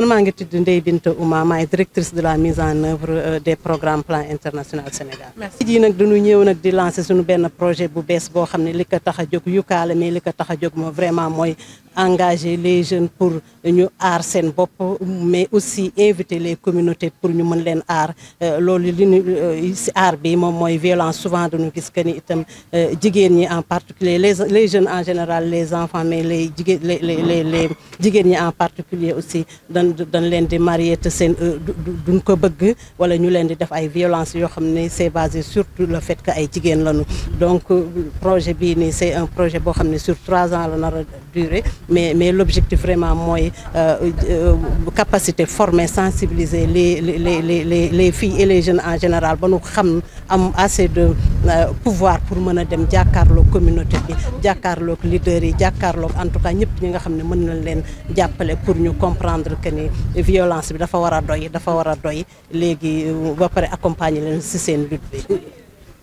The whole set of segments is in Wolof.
man maa ngi tudd Ndeye Binta Ouma maay directrice de la mise en œuvre euh, des programmes plan international Sénégal. merci jii nag dañu ñëw nag di lancer suñu benn projet bu bees boo xam ne li ko tax a jóg Yuka la mais li ko tax a jóg moom vraiment mooy engager les jeunes pour ñu aar seen bopp mais aussi inviter les communautés pour ñu man leen aar euh, loolu li ñu euh, si aar bi moom mooy violence souvent dañu gis que ni itam jigéen ñi en particulier les les jeunes en général les enfants mais les jigéen les les les jigéen ñi en particulier naan dañ leen di marier te seen euh, duñ ko bëgg wala ñu leen di def ay violence yoo xam ne c'est basé surtout le fait que ay jigéen lañu donc euh, projet bii nii c'est un projet boo xam ne sur trois ans la nar a mais mais l'objectif vraiment mooy euh, capacité formé sensibiliser les les les les les filles et les jeunes en général ba nu xam am assez de pouvoir pour mën a dem jàkkaarloog communauté bi jàkkaarloog yi jàkkaarloog en tout cas ñëpp ñi nga xam ne mën nañ leen jàppale pour ñu comprendre ni violence bi dafa war a doy dafa war a doy léegi euh, ba pare accompagner leen si seen lutte bi.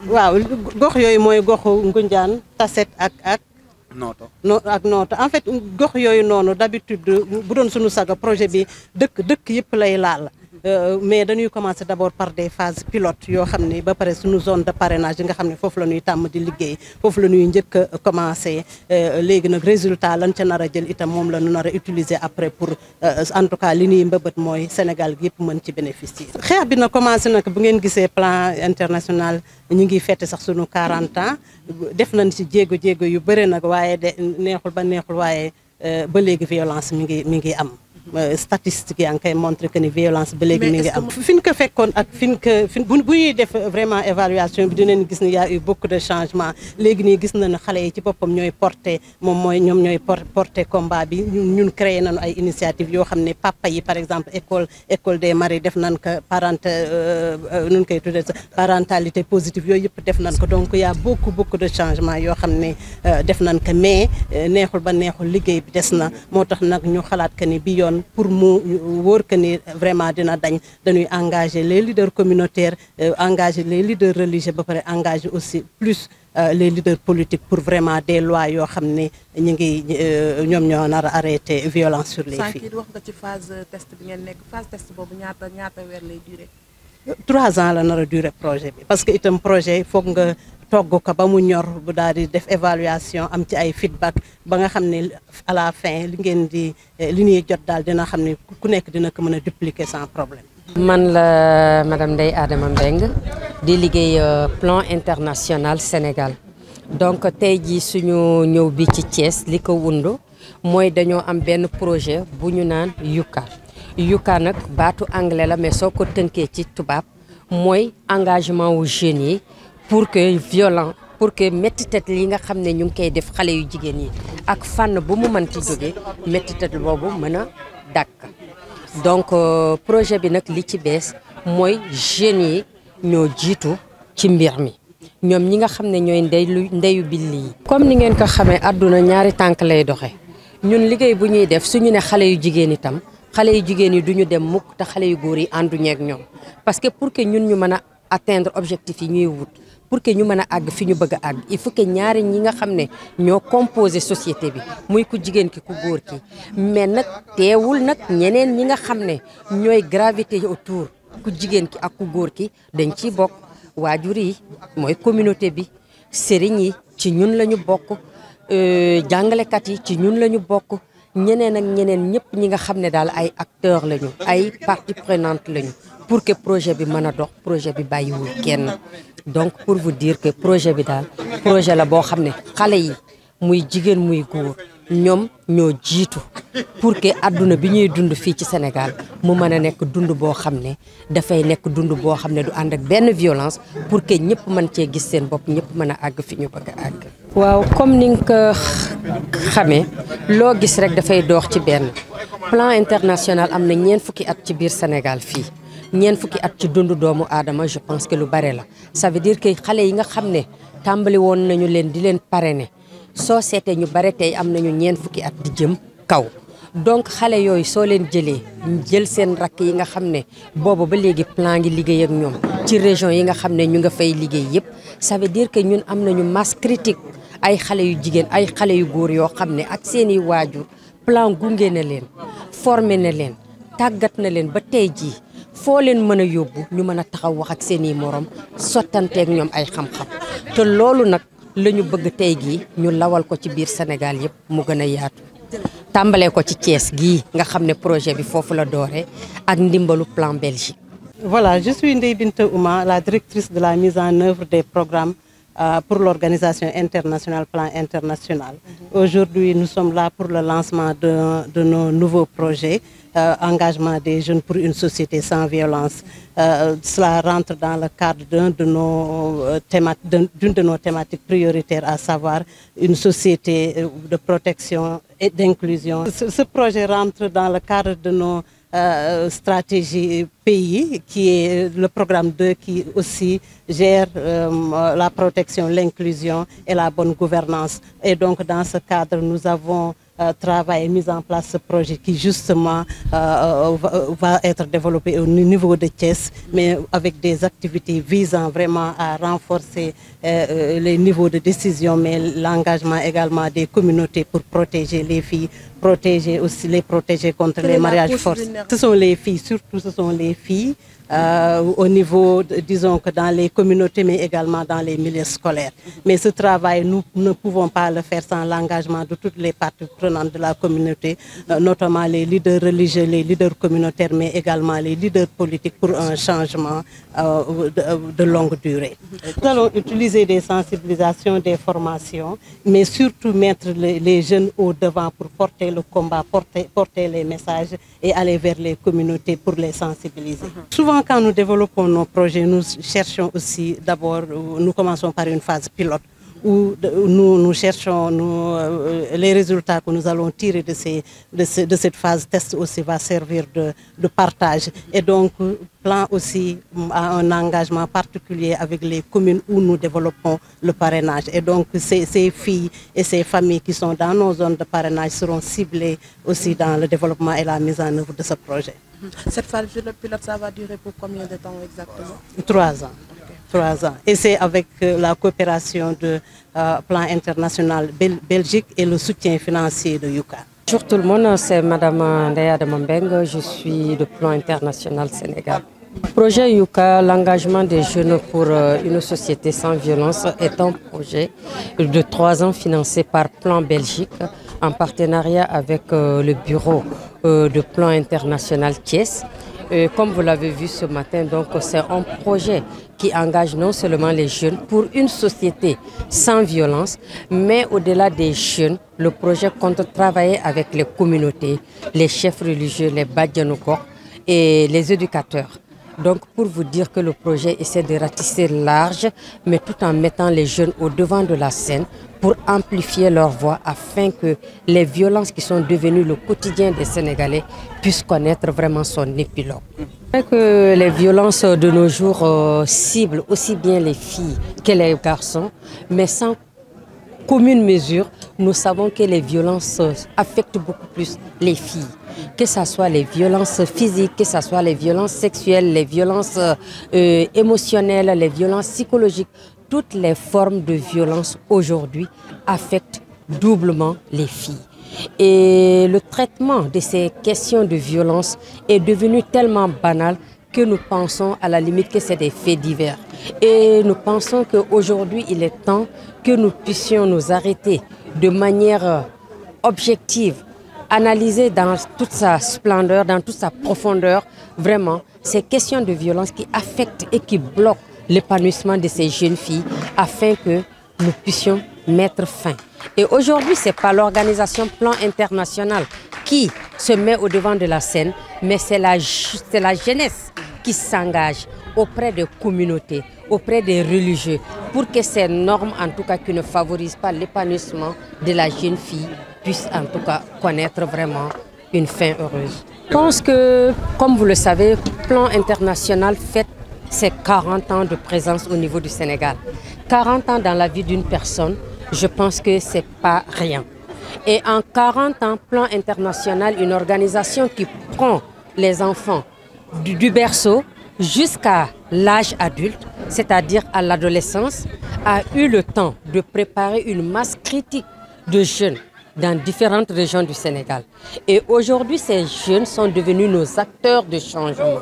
waaw gox yooyu mooy goxu Ngunjaan Taset ak ak. nooto no nooto en fait gox yooyu noonu d'habitude bu doon suñu saga projet bi dëkk dëkk yëpp lay laal. Euh, mais dañuy commencer d'abord par des phases pilotes yoo xam ni ba pare suñu zone de parrainage yi nga xam ne foofu la ñuy tàmm di liggéey foofu la ñuy njëkk a commencer euh, léegi nag résultat lan ca nar a jël itam moom la ñu nar a utiliser après pour euh, en tout cas li ñuy mbëbët mooy Sénégal gi yëpp mën ci bénéficier. xeex bi na commencer nag bu ngeen gisee plan international ñu ngi fête sax sunu 40 ans def nañ ci jéego jéego yu bëri nag waaye de neexul ba neexul waaye ba léegi violence mi ngi mi ngi am. Euh, statistiques yaa ngi koy montré que ni violence ba léegi mi ngi am fi ñu ko fekkoon ak fi ñu ko bu ñuy def vraiment évaluation bi dinañ gis ni y a de changement léegi nii gis nañu xale yi ci boppam ñooy porté moom mooy ñoom ñooy porté combat bi ñun créé nañu ay initiative yoo xam ne papa yi par exemple école école des maris def nañ ko parent euh, euh, nun koy tuddee sa parentalité positive yooyu yëpp def nañ ko donc yaa bokk beaucoup de changement yoo xam ne def nañ ko mais neexul ba neexul liggéey bi des na moo tax nag ñu xalaat que ni bi yoon pour mu wóor que ni vraiment dina dañ dañuy engager les leaders communautaire euh, engager les leaders religieux ba pare engager aussi plus euh, les leaders politiques pour vraiment des lois yoo xam ni ñu ngi euh, ñoom ñoo nar a arrêter violence sur les filles. sànq wax nga ci phase test bi ngeen nekk phase test boobu ñaata ñaata weer lay durer. trois ans la nar a projet bi parce que itam projet foog nga togg ko ba mu ñor bu daal di def évaluation am ci ay feedback ba nga xam ne à la fin li ngeen di eh, li ñuy jot daal dina xam ne ku nekk dina ko mën a dupliquer sans problème. man la madame Ndeye Adama Mbengue di liggéey euh, plan international Sénégal donc tey jii suñu ñëw bi ci Thiès li ko wundu mooy dañoo am benn projet bu ñu naan Yuka. yukaa nag baatu anglais la mais soo ko tënkee ci tubaab mooy engagement wu jeunes yi pour que violent pour que méttitat li nga xam ne ñu ngi koy def xale yu jigéen yi ak fànn bu mu mënti jóge méttitat boobu mën a dàkk donc euh, projet bi nag li ci bees mooy jeunes yi ñoo jiitu ci mbir mi ñoom ñi nga xam ne ñooy ndeyu ndeyu billi yi comme ni ngeen ko xamee adduna ñaari tànk lay doxe ñun liggéey bu ñuy def ñu ne xale yu jigéen itam xale yu jigéen yi du ñu dem mukk te xale yu góor yi ànduñu ak ñoom parce que pour que ñun ñu mën a atteindre objectif yi ñuy wut pour que ñu mën a àgg fi ñu bëgg a àgg il faut que ñaari ñi nga xam ne ñoo composé société bi muy ku jigéen ki ku góor ki mais nag teewul nag ñeneen ñi nga xam ne ñooy gravité autour ku jigéen ki ak ku góor ki dañ ciy bokk waajur yi mooy communauté bi sëriñ yi ci ñun la ñu bokk euh, jàngalekat yi ci ñun la ñu bokk ñeneen ak ñeneen ñëpp ñi nga xam ne daal ay la ñu ay parties prenantes lañu pour que projet bi mën a dox projet bi bàyyiwul kenn. donc pour vous dire que projet bi daal projet la boo xam ne xale yi muy jigéen muy góor. ñoom ñoo jiitu pour que àdduna bi ñuy dund fii ci Sénégal mu mën a nekk dund boo xam ne dafay nekk dund boo xam ne du ànd benn violence pour que ñëpp mën cee gis seen bopp ñëpp mën a àgg fi ñu bëgg a àgg. waaw comme ni nga ko xamee loo gis rek dafay doox ci benn plan international am na ñeent fukki at ci biir Sénégal fii. ñeen fukki at ci dundu doomu aadama je pense que lu bare la ça veut xale yi nga xam ne tàmbali woon nañu leen di leen parrainer soo seetee ñu bare tey am nañu ñeent fukki at di jëm kaw donc xale yooyu soo leen jëlee jël seen rakk yi nga xam ne boobu ba léegi plan ngi liggéey ak ñoom ci région yi nga xam ne ñu nga fay liggéey yëpp ça veut dire que ñun am nañu masse critique ay xale yu jigéen ay xale yu góor yoo xam ne ak seeni waajur plan gunge na leen formé na leen tàggat na leen ba tey jii foo leen mën a yóbbu ñu mën a taxaw wax ak seeni morom sottanteeg ñoom ay xam-xam te loolu nag la bëgg tey gii ñu lawal ko ci biir Sénégal yëpp mu gën a yaatu tàmbalee ko ci Thiès gi nga xam ne projet bi foofu la dooree ak ndimbalu plan Belgique. Voilà, je suis Ndeye Binta Ouma, la directrice de la mise en œuvre des programmes euh, pour l'organisation internationale, plan international. Mm -hmm. Aujourd'hui, nous sommes là pour le lancement de, de nos nouveaux projets, euh, engagement des jeunes pour une société sans violence. Euh, cela rentre dans le cadre d'une de, nos euh, d'une de nos thématiques prioritaires, à savoir une société euh, de protection et d'inclusion. Ce, ce projet rentre dans le cadre de nos euh, stratégie pays, qui est le programme 2 qui aussi gère euh, la protection, l'inclusion et la bonne gouvernance. Et donc dans ce cadre, nous avons euh, travaillé, mis en place ce projet qui justement euh, euh, va, va, être développé au niveau de Thiès, mais avec des activités visant vraiment à renforcer Euh, euh, les niveaux de décision, mais l'engagement également des communautés pour protéger les filles, protéger aussi les protéger contre les mariages forcés. Ce sont les filles, surtout ce sont les filles, euh, au niveau, disons que dans les communautés, mais également dans les milieux scolaires. Mais ce travail, nous ne pouvons pas le faire sans l'engagement de toutes les parties prenantes de la communauté, euh, notamment les leaders religieux, les leaders communautaires, mais également les leaders politiques pour un changement euh, de, de longue proposer des sensibilisations, des formations, mais surtout mettre les, les jeunes au devant pour porter le combat, porter, porter, les messages et aller vers les communautés pour les sensibiliser. Uh mhm. -huh. Souvent, quand nous développons nos projets, nous cherchons aussi d'abord, euh, nous commençons par une phase pilote où nous, nous cherchons euh, les résultats que nous allons tirer de, de, ce, de, cette phase test aussi va servir de, partage. Et donc, plan aussi a un engagement particulier avec les communes où nous développons le parrainage. Et donc, ces, ces filles et ces familles qui sont dans nos zones de parrainage seront ciblées aussi dans le développement et la mise en œuvre de ce projet. Cette phase pilote, ans. trois ans. Et c'est avec euh, la coopération de euh, plan international Bel Belgique et le soutien financier de Yuka. Bonjour tout le monde, c'est Madame Ndaya de Mambeng, je suis de plan international Sénégal. Projet Yuka, l'engagement des jeunes pour euh, une société sans violence est un projet de trois ans financé par Plan Belgique en partenariat avec le bureau de plan international Thiès. Et comme vous l'avez vu ce matin, donc c'est un projet qui engage non seulement les jeunes pour une société sans violence, mais au-delà des jeunes, le projet compte travailler avec les communautés, les chefs religieux, les Badjanokok et les éducateurs. Donc pour vous dire que le projet essaie de ratisser large, mais tout en mettant les jeunes au devant de la scène pour amplifier leur voix afin que les violences qui sont devenues le quotidien des Sénégalais puissent connaître vraiment son épilogue. C'est les violences de nos jours euh, ciblent aussi bien les filles que les garçons, mais sans commune mesure, nous savons que les violences affectent beaucoup plus les filles. Que ce soit les violences physiques, que les violences sexuelles, euh, émotionnelles, les violences psychologiques, toutes les formes de violence aujourd'hui affectent doublement les filles. Et le traitement de ces questions de violence est devenu tellement banal que nous pensons à la limite que c'est des faits divers. Et nous pensons qu'aujourd'hui, il est temps que nous puissions nous arrêter de manière objective, analyser dans toute sa splendeur, dans toute sa profondeur, vraiment, ces questions de violence qui affectent et qui bloquent l'épanouissement de ces jeunes filles afin que nous puissions mettre fin. Et aujourd'hui, ce n'est pas l'organisation plan international qui se met au devant de la scène, mais c'est la, la jeunesse qui s'engage auprès des communautés, auprès des religieux, pour que ces normes, en tout cas, qui ne favorisent pas l'épanouissement de la jeune fille, puissent en tout cas connaître vraiment une fin heureuse. Je pense que, comme vous le savez, plan international fait c'est 40 ans de présence au niveau du Sénégal. 40 ans dans la vie d'une personne, je pense que c'est pas rien. Et en 40 ans, plan international, une organisation qui prend les enfants du, du berceau jusqu'à l'âge adulte, c'est-à-dire à, à l'adolescence, a eu le temps de préparer une masse critique de jeunes dans différentes régions du Sénégal. Et aujourd'hui, ces jeunes sont devenus nos acteurs de changement.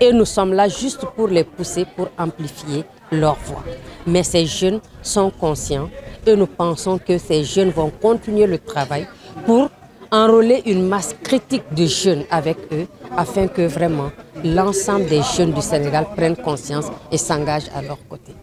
Et nous sommes là juste pour les pousser, pour amplifier leur voix. Mais ces jeunes sont conscients et nous pensons que ces jeunes vont continuer le travail pour enrôler une masse critique de jeunes avec eux afin que vraiment l'ensemble des jeunes du Sénégal prennent conscience et s'engagent à leur côté.